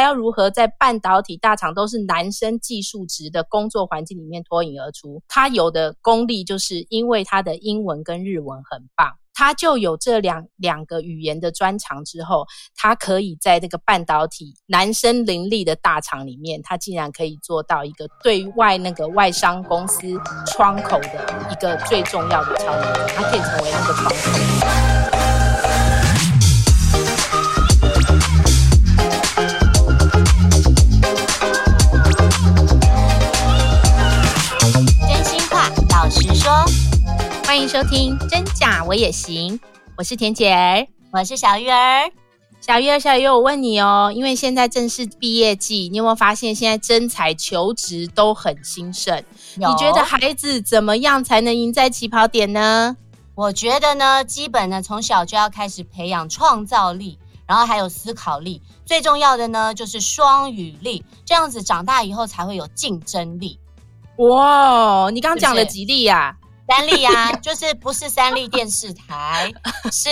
他要如何在半導體大廠都是男生技術職的工作環境裡面脫穎而出？他有的功力就是因為他的英文跟日文很棒，他就有這兩兩個語言的專長之後，他可以在這個半導體男生林立的大廠裡面，他竟然可以做到一個對外那個外商公司窗口的一個最重要的窗口，他可以成為那個窗口。歡迎收聽《真假我也行》，我是恬姐兒，我是小瑜兒。小瑜兒，小瑜，我問你哦，因為現在正是畢業季，你有沒有發現現在徵才求職都很興盛？有你覺得孩子怎麼樣才能贏在起跑點呢？我覺得呢，基本呢從小就要開始培養創造力，然後還有思考力，最重要的呢就是雙語力，這樣子長大以後才會有競爭力。哇，你剛剛講了幾例呀、啊？是三力啊，就是不是三立電視台， 是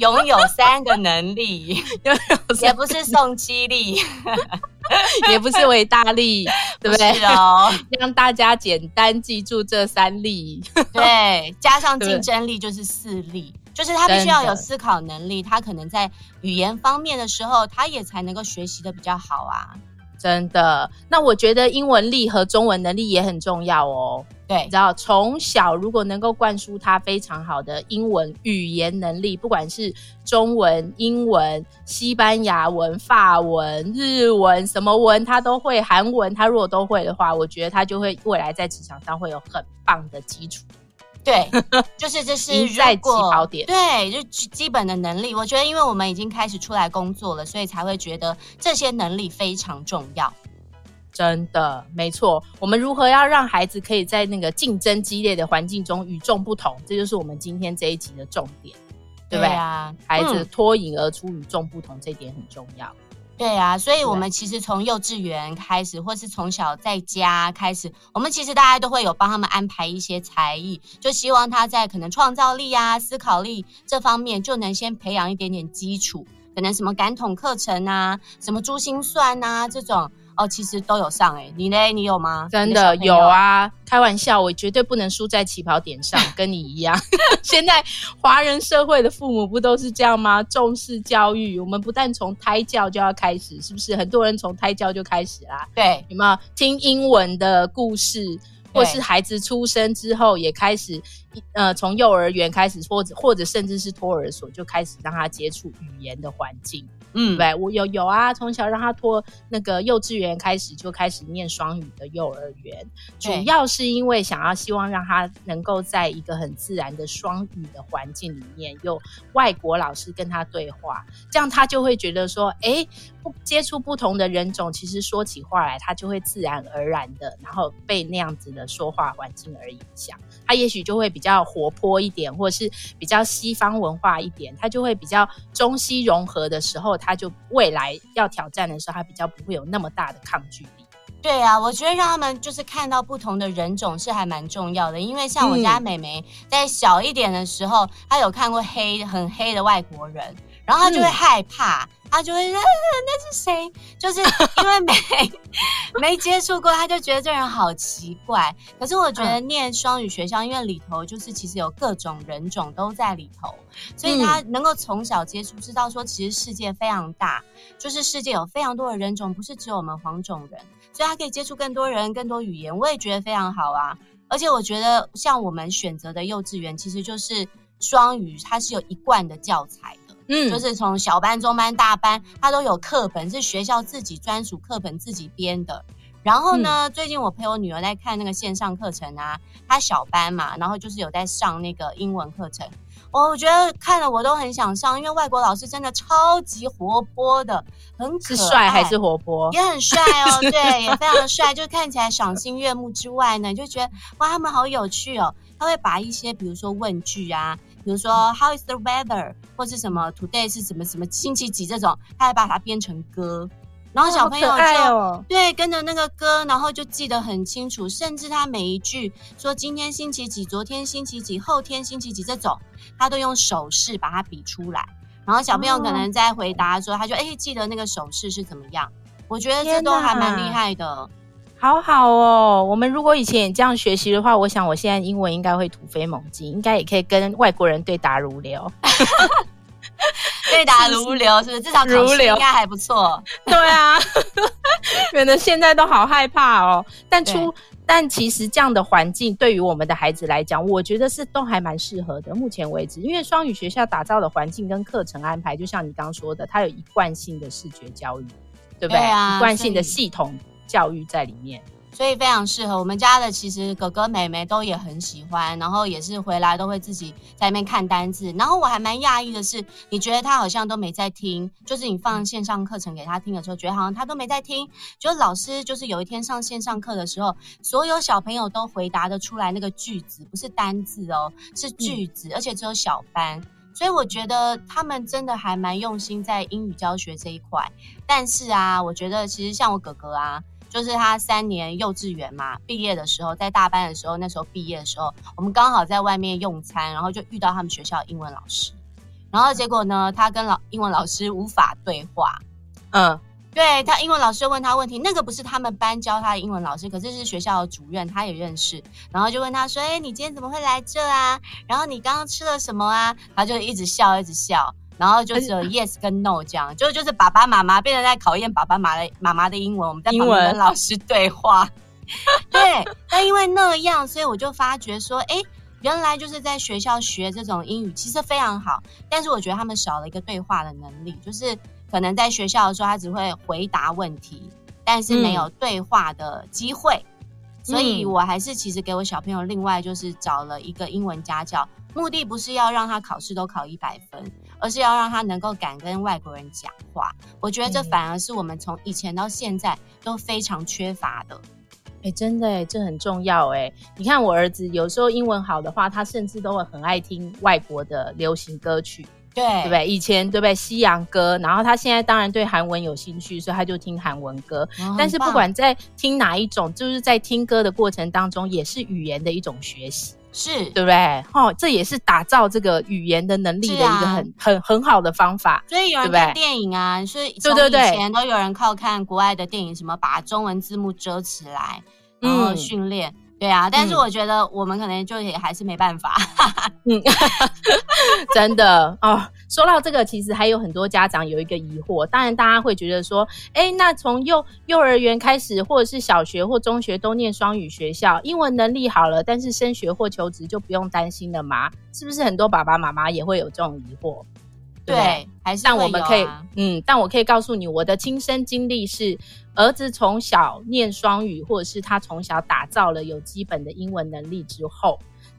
擁有三個能力，有也不是宋七力， 也不是偉大力，不哦，對不對哦？讓大家簡單記住這三力，對，加上競爭力就是四力，對就是他必須要有思考能力，的他可能在語言方面的時候，他也才能夠學習得比較好啊。真的，那我覺得英文力和中文能力也很重要哦。對，你知道從小如果能夠灌輸他非常好的英文語言能力，不管是中文、英文、西班牙文、法文、日文什麼文，他都會；韓文他如果都會的話，我覺得他就會未來在職場上會有很棒的基礎。 對，就是這是贏在起跑點。對，就基本的能力，我覺得，因為我們已經開始出來工作了，所以才會覺得這些能力非常重要。真的，沒錯。我們如何要讓孩子可以在那個競爭激烈的環境中與眾不同？這就是我們今天這一集的重點，對啊，對不對？孩子脫穎而出、與眾不同，嗯、這點很重要。對啊，所以我們其實從幼稚園開始，是的或是從小在家開始，我們其實大家都會有幫他們安排一些才藝，就希望他在可能創造力啊、思考力這方面，就能先培養一點點基礎，可能什麼感統課程啊，什麼珠心算吶、啊、這種。哦，其實都有上誒、欸、你呢？你有嗎？真的，你的小朋友啊？有啊！開玩笑，我絕對不能輸在起跑點上，跟你一樣。 現在華人社會的父母不都是這樣嗎？重視教育，我們不但從胎教就要開始，是不是？很多人從胎教就開始啦。對，有沒有聽英文的故事？或是孩子出生之後也開始，對呃，從幼兒園開始，或者或者甚至是托兒所就開始讓他接觸語言的環境，嗯，對，我有有啊，從小讓他托那個幼稚園開始就開始念雙語的幼兒園，對主要是因為想要希望讓他能夠在一個很自然的雙語的環境裡面，有外國老師跟他對話，這樣他就會覺得說，哎、欸。接觸不同的人種，其實說起話來，他就會自然而然的，然後被那樣子的說話環境而影響。他也許就會比較活潑一點，或者是比較西方文化一點，他就會比較中西融合的時候，他就未來要挑戰的時候，他比較不會有那麼大的抗拒力。對啊，我覺得讓他們就是看到不同的人種是還蠻重要的，因為像我家妹妹在小一點的時候，嗯、她有看過黑，很黑的外國人，然後她就會害怕。嗯。他、啊、就會說那是誰？就是因為沒 沒接觸過，他就覺得這人好奇怪。可是我覺得念雙語學校，嗯、因為裡頭就是其實有各種人種都在裡頭，所以他能夠從小接觸，知道說其實世界非常大，就是世界有非常多的人種，不是只有我們黃種人，所以他可以接觸更多人、更多語言，我也覺得非常好啊。而且我覺得像我們選擇的幼稚園，其實就是雙語，它是有一貫的教材。嗯，就是從小班、中班、大班，他都有課本，是學校自己專屬課本自己編的。然後呢，最近我陪我女兒在看那個線上課程啊，她小班嘛，然後就是有在上那個英文課程。我覺得看了我都很想上，因為外國老師真的超級活潑的，很可愛還是活潑，也很帥哦，對，也非常帥，就看起來賞心悅目之外呢，就覺得哇，他們好有趣哦、喔。他會把一些比如說問句啊。比如說，How is the weather？或是什麼？Today 是什麼什麼星期幾？這種，他還把它編成歌，然後小朋友就、哦哦、對，跟着那個歌，然後就記得很清楚。甚至他每一句說今天星期幾，昨天星期幾，後天星期幾這種，他都用手勢把它比出來。然後小朋友可能在回答說，哦、他就哎記得那個手勢是怎麼樣？我覺得這都還蠻厲害的。好好哦，我們如果以前也這樣學習的話，我想我現在英文應該會突飛猛進，應該也可以跟外國人對答如流。對答如流是不是？是是至少該如流應該還不錯。 對啊，免 得對現在都好害怕哦。但出對但其實這樣的環境對於我們的孩子來講，我覺得是都還蠻適合的。目前為止，因為雙語學校打造的環境跟課程安排，就像你剛說的，它有一貫性的視覺教育，對不對？對啊，一貫性的系統。教育在裡面，所以非常適合我們家的。其實哥哥妹妹都也很喜歡，然後也是回來都會自己在那邊看單字。然後我還蠻訝異的是，你覺得他好像都沒在聽，就是你放線上課程給他聽的時候，覺得好像他都沒在聽。就老師就是有一天上線上課的時候，所有小朋友都回答的出來那個句子，不是單字哦，是句子，嗯、而且只有小班。所以我覺得他們真的還蠻用心在英語教學這一塊。但是啊，我覺得其實像我哥哥啊。就是他三年幼稚園嘛，畢業的時候，在大班的時候，那時候畢業的時候，我們剛好在外面用餐，然後就遇到他們學校的英文老師，然後結果呢，他跟老英文老師無法對話，嗯，對，他英文老師問他問題，那個不是他們班教他的英文老師，可是是學校的主任，他也認識，然後就問他說，哎，你今天怎麼會來這啊？然後你剛剛吃了什麼啊？他就一直笑，一直笑。然後就是 yes 跟 no 這樣，嗯、就就是爸爸媽媽變成在考驗爸爸媽媽媽的英文，英文，我們在旁邊跟老師對話。 對，但因為那樣，所以我就發覺說，哎、欸，原來就是在學校學這種英語其實非常好，但是我覺得他們少了一個對話的能力，就是可能在學校的時候，他只會回答問題，但是沒有對話的機會。嗯所以，我還是其實給我小朋友另外就是找了一個英文家教，目的不是要讓他考試都考一百分，而是要讓他能夠敢跟外國人講話。我覺得這反而是我們從以前到現在都非常缺乏的。哎、欸，真的欸，這很重要欸。哎，你看我兒子有時候英文好的話，他甚至都會很愛聽外國的流行歌曲。對，對不對？以前對不對？西洋歌，然後他現在當然對韓文有興趣，所以他就聽韓文歌。哦、但是不管在聽哪一種，就是在聽歌的過程當中，也是語言的一種學習，是對不對？哦，這也是打造這個語言的能力的一個很、啊、很很，很好的方法。所以有人看電影啊，所以以前都有人靠看國外的電影，對對對什麼把中文字幕遮起來，然、嗯、後、嗯、訓練。對啊，但是我覺得我們可能就也還是沒辦法。嗯， 真的哦。說到這個，其實還有很多家長有一個疑惑。當然，大家會覺得說，哎，那從幼幼兒園開始，或者是小學或中學都念雙語學校，英文能力好了，但是升學或求職就不用擔心了嗎？是不是很多爸爸媽媽也會有這種疑惑？對，還是、啊、但我們可以，嗯，但我可以告訴你，我的親身經歷是，兒子從小念雙語，或者是他從小打造了有基本的英文能力之後。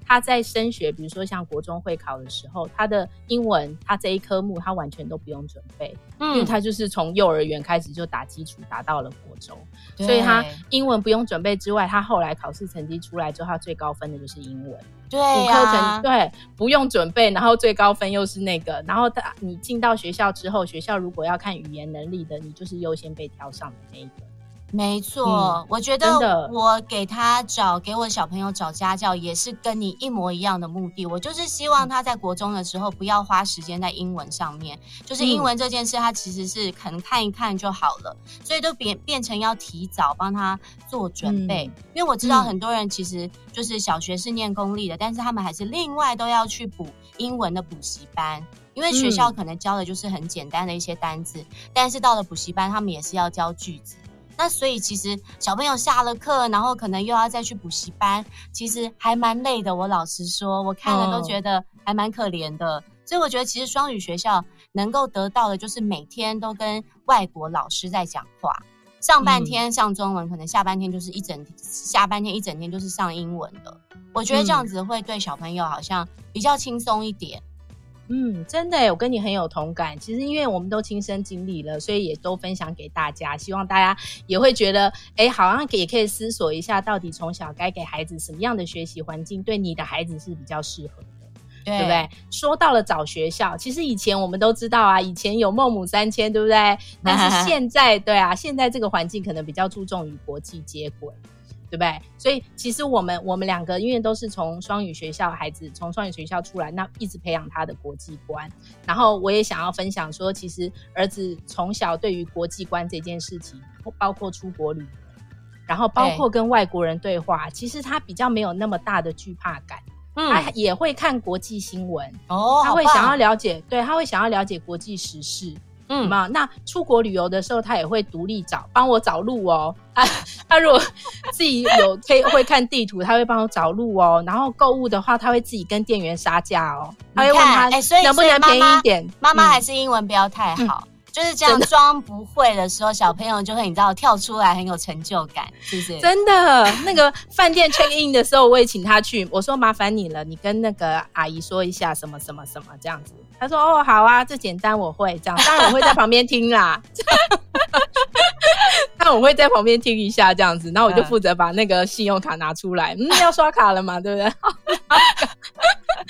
他在升學，比如說像國中會考的時候，他的英文，他這一科目他完全都不用準備，嗯、因為他就是從幼兒園開始就打基礎，打到了國中，對所以他英文不用準備之外，他後來考試成績出來之後，他最高分的就是英文，對啊，五科成績。對，不用準備，然後最高分又是那個，然後他你進到學校之後，學校如果要看語言能力的，你就是優先被挑上的那一個。沒錯，嗯、我覺得我給他找的給我小朋友找家教也是跟你一模一樣的目的。我就是希望他在國中的時候不要花時間在英文上面，就是英文這件事，他其實是可能看一看就好了。所以都變變成要提早幫他做準備，嗯、因為我知道很多人其實就是小學是念公立的，但是他們還是另外都要去補英文的補習班，因為學校可能教的就是很簡單的一些單字，嗯、但是到了補習班，他們也是要教句子。那所以其實小朋友下了課，然後可能又要再去補習班，其實還蠻累的。我老實說，我看了都覺得還蠻可憐的。嗯、所以我覺得其實雙語學校能夠得到的就是每天都跟外國老師在講話，上半天上中文。嗯、可能下半天就是一整、下半天一整天就是上英文的。我覺得這樣子會對小朋友好像比較輕鬆一點。嗯，真的，我跟你很有同感。其實，因為我們都親身經歷了，所以也都分享給大家，希望大家也會覺得，哎，好像也可以思索一下，到底從小該給孩子什麼樣的學習環境，對你的孩子是比較適合的，對，對不對？說到了找學校，其實以前我們都知道啊，以前有孟母三遷，對不對？但是現在， 對啊，現在這個環境可能比較注重與國際接軌。對不對？所以其實我們我們兩個因為都是從雙語學校的孩子從雙語學校出來，那一直培養他的國際觀。然後我也想要分享說，其實兒子從小對於國際觀這件事情，包括出國旅遊，然後包括跟外國人對話，欸、其實他比較沒有那麼大的懼怕感。嗯，他也會看國際新聞哦，他會想要了解，好棒，對，他會想要了解國際時事。嗯嘛，那出國旅遊的時候，他也會獨立找幫我找路哦。啊，他如果自己有可以 會看地圖，他會幫我找路哦。然後購物的話，他會自己跟店員殺價哦。你看，他會問他，欸、能不能便宜一點？媽媽還是英文不要太好。嗯嗯就是這樣裝不會的時候，的小朋友就會你知道跳出來很有成就感，是不是？真的，那個飯店 check in 的時候， 我也請他去。我說，麻煩你了，你跟那個阿姨說一下什麼什麼什麼這樣子。他說哦，好啊，這簡單，我會這樣。當然我會在旁邊聽啦。那 我會在旁邊聽一下這樣子，然後我就負責把那個信用卡拿出來。嗯，嗯，要刷卡了嘛，對不對？對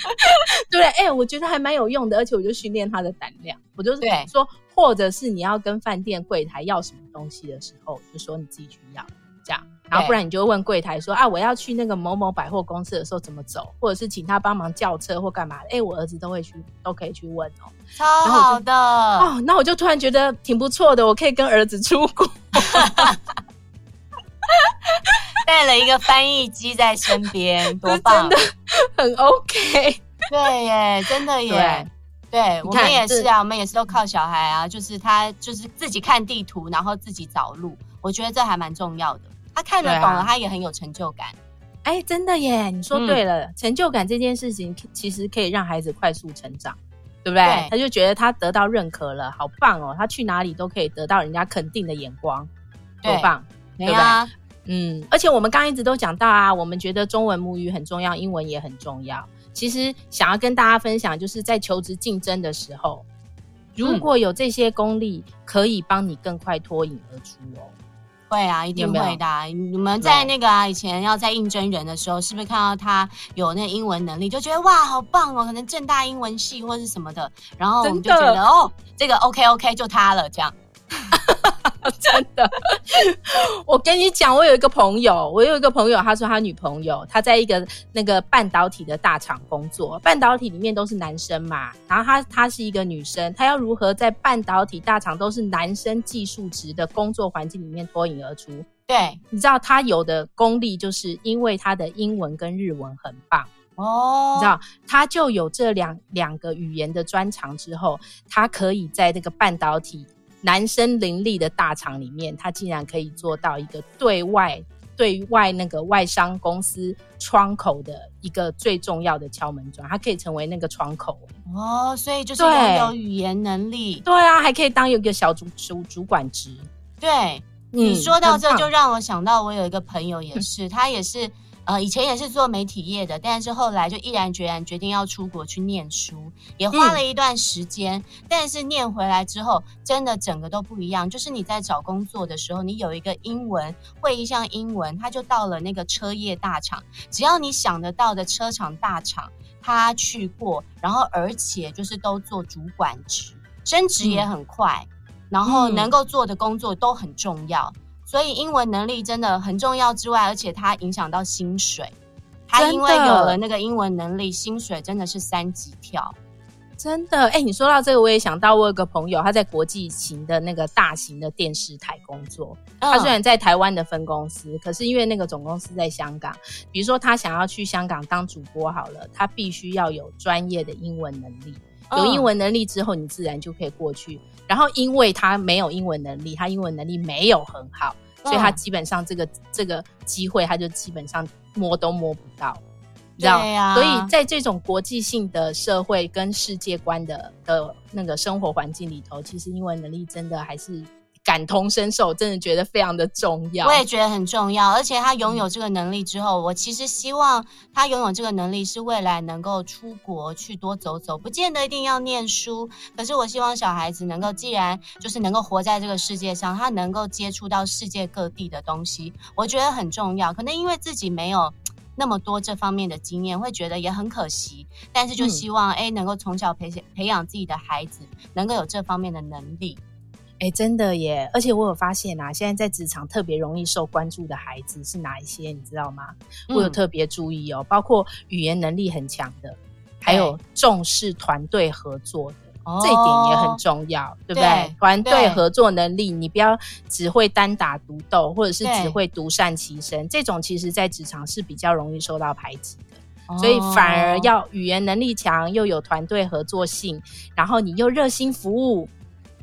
不 對？哎、欸，我覺得還蠻有用的，而且我就訓練他的膽量。我就是說。或者是你要跟飯店櫃台要什麼東西的時候，就說你自己去要，這樣。然後不然你就問櫃台說：“對啊，我要去那個某某百貨公司的時候怎麼走？”或者是請他幫忙叫車或幹嘛的？哎、欸，我兒子都會去，都可以去問哦、喔。超好的哦，那我就突然覺得挺不錯的，我可以跟兒子出國，帶了一個翻譯機在身邊，多棒！ 的很 OK，對耶，真的耶。對看我們也是啊，這我們也是都靠小孩啊，就是他就是自己看地圖，然後自己找路。我覺得這還蠻重要的，他看得懂了，啊、他也很有成就感。哎、欸，真的耶，你說對了，嗯、成就感這件事情其實可以讓孩子快速成長，對不對？對，他就覺得他得到認可了，好棒哦！他去哪裡都可以得到人家肯定的眼光，對多棒，對吧、啊、嗯，而且我們剛一直都講到啊，我們覺得中文母語很重要，英文也很重要。其實想要跟大家分享，就是在求職競爭的時候，如果有這些功力，嗯、可以幫你更快脫穎而出哦。會啊，一定會的、啊。有有你們在那個、啊、有以前要在應徵人的時候，是不是看到他有那個英文能力，就覺得哇，好棒哦，我可能政大英文系或者什麼的，然後我們就覺得的哦，這個 OK OK 就他了這樣。 真的， 我跟你講，我有一個朋友，我有一個朋友，他說他女朋友他在一個那個半導體的大廠工作，半導體裡面都是男生嘛，然後他他是一個女生，他要如何在半導體大廠都是男生技術職的工作環境裡面脫穎而出？對，你知道他有的功力就是因為他的英文跟日文很棒哦，oh. 你知道他就有這兩兩個語言的專長之後，他可以在那個半導體。男生林立的大廠裡面，他竟然可以做到一個對外、對外那個外商公司窗口的一個最重要的敲門磚，他可以成為那個窗口哦。所以就是很有語言能力對，對啊，還可以當有一個小主主主管職。對，你說到這、嗯、就讓我想到，我有一個朋友也是，哼他也是。呃，以前也是做媒體業的，但是後來就毅然決然決定要出國去念書，也花了一段時間。嗯、但是念回來之後，真的整個都不一樣。就是你在找工作的時候，你有一個英文會一項英文，他就到了那個車業大廠，只要你想得到的車廠大廠，他去過，然後而且就是都做主管職，升職也很快，嗯、然後能夠做的工作都很重要。所以英文能力真的很重要之外，而且它影響到薪水。他因為有了那個英文能力，薪水真的是三級跳，真的。哎、欸，你說到這個，我也想到，我有個朋友，他在國際型的那個大型的電視台工作。他雖然在台灣的分公司，嗯、可是因為那個總公司在香港。比如說，他想要去香港當主播好了，他必須要有專業的英文能力。有英文能力之後，你自然就可以過去。然後，因為他沒有英文能力，他英文能力沒有很好，所以他基本上這個這個機會，他就基本上摸都摸不到。你知道？所以在這種國際性的社會跟世界觀的的那個生活環境裡頭，其實英文能力真的還是。感同身受，真的覺得非常的重要。我也覺得很重要，而且他擁有這個能力之後，嗯、我其實希望他擁有這個能力是未來能夠出國去多走走，不見得一定要念書。可是我希望小孩子能夠，既然就是能夠活在這個世界上，他能夠接觸到世界各地的東西，我覺得很重要。可能因為自己沒有那麼多這方面的經驗，會覺得也很可惜。但是就希望哎、嗯，能夠從小培養培養自己的孩子，能夠有這方面的能力。哎、欸，真的耶！而且我有發現啊，現在在職場特別容易受關注的孩子是哪一些？你知道嗎？嗯、我有特別注意哦，包括語言能力很強的，對還有重視團隊合作的。哦、這一點也很重要，對，對不對？團隊對合作能力，你不要只會單打獨鬥，或者是只會獨善其身，對這種其實在職場是比較容易受到排擠的。哦、所以反而要語言能力強，又有團隊合作性，然後你又熱心服務，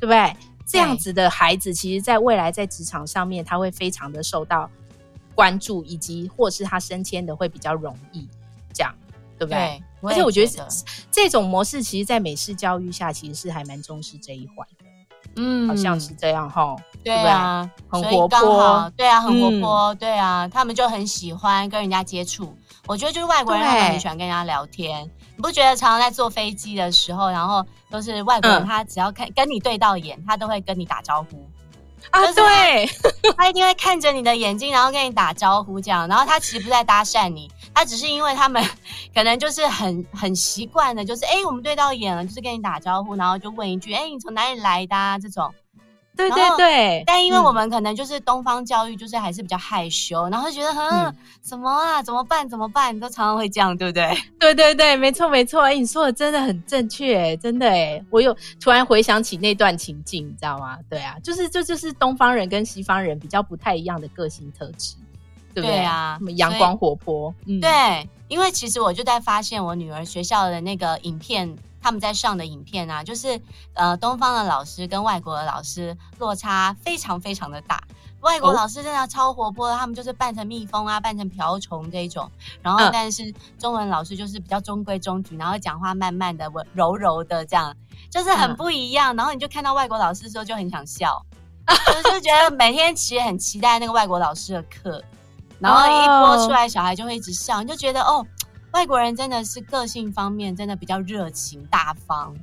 對不對？對這樣子的孩子，其實在未來在職場上面，他會非常的受到關注，以及或是他升遷的會比較容易，這樣對不對？對吧而且我覺得這種模式，其實在美式教育下，其實是還蠻重視這一環的。嗯，好像是這樣哈、啊，對啊，很活潑，對啊、嗯，很活潑，對啊，他們就很喜歡跟人家接觸。我覺得就是外國人，他很喜歡跟人家聊天。對你不覺得常常在坐飛機的時候，然後都是外國人，他只要看、嗯、跟你對到眼，他都會跟你打招呼。啊，對， 他一定會看着你的眼睛，然後跟你打招呼這樣。然後他其實不在搭訕你， 他只是因為他們可能就是很很習慣的，就是哎、欸，我們對到眼了，就是跟你打招呼，然後就問一句，哎、欸，你從哪裡來的啊？」這種。對對對，但因為我們可能就是東方教育，就是還是比較害羞，嗯、然後覺得哼、嗯、什麼啊，怎麼辦，怎麼辦，都常常會這樣，對不對？對對對，沒錯沒錯，哎、欸，你說的真的很正確，真的哎，我有突然回想起那段情境，你知道嗎？對啊，就是就就是東方人跟西方人比較不太一樣的個性特質，對不對，對啊？什麼陽光活潑，所以嗯、對，因為其實我就在發現我女兒學校的那個影片。他們在上的影片啊，就是呃，東方的老師跟外國的老師落差非常非常的大。外國老師真的超活潑的，哦、他們就是扮成蜜蜂啊，扮成瓢蟲這一種。然後，但是中文老師就是比較中規中矩，嗯、然後講話慢慢的、柔柔的這樣，就是很不一樣。嗯、然後你就看到外國老師的時候就很想笑，嗯、就是覺得每天其實很期待那個外國老師的課，然後一播出來，小孩就會一直笑，哦、你就覺得哦。外國人真的是個性方面真的比較熱情大方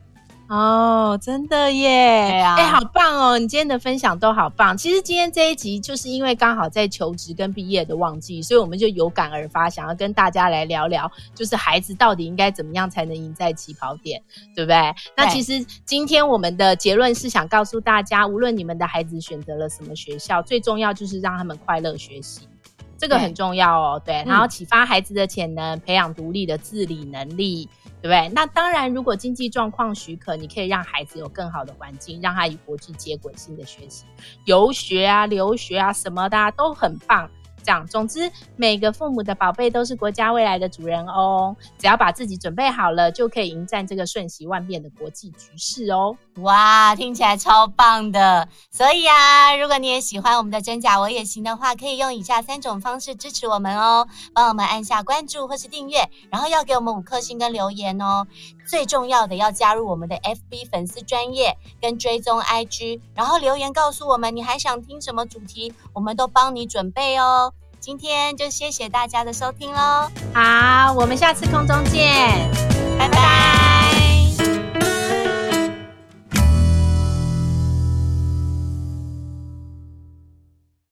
哦，真的耶，哎，對啊，欸，好棒哦！你今天的分享都好棒。其實今天這一集就是因為剛好在求職跟畢業的旺季，所以我們就有感而發，想要跟大家來聊聊，就是孩子到底應該怎麼樣才能贏在起跑點，對不對？對。那其實今天我們的結論是想告訴大家，無論你們的孩子選擇了什麼學校，最重要就是讓他們快樂學習。這個很重要哦，對，對，然後啟發孩子的潛能，嗯、培養獨立的自理能力，對不對？那當然，如果經濟狀況許可，你可以讓孩子有更好的環境，讓他以國際接軌性的學習，遊學啊、留學啊什麼的都很棒。總之，每個父母的寶貝都是國家未來的主人翁。只要把自己準備好了，就可以迎戰這個瞬息萬變的國際局勢哦。哇，聽起來超棒的！所以啊，如果你也喜歡我們的真假我也行的話，可以用以下三種方式支持我們哦。幫我們按下關注或是訂閱，然後要給我們五顆星跟留言哦。最重要的要加入我們的 FB 粉絲專頁跟追蹤 IG，然後留言告訴我們你還想聽什麼主題，我們都幫你準備哦。今天就謝謝大家的收聽嘍，好，我們下次空中見，拜拜拜。拜拜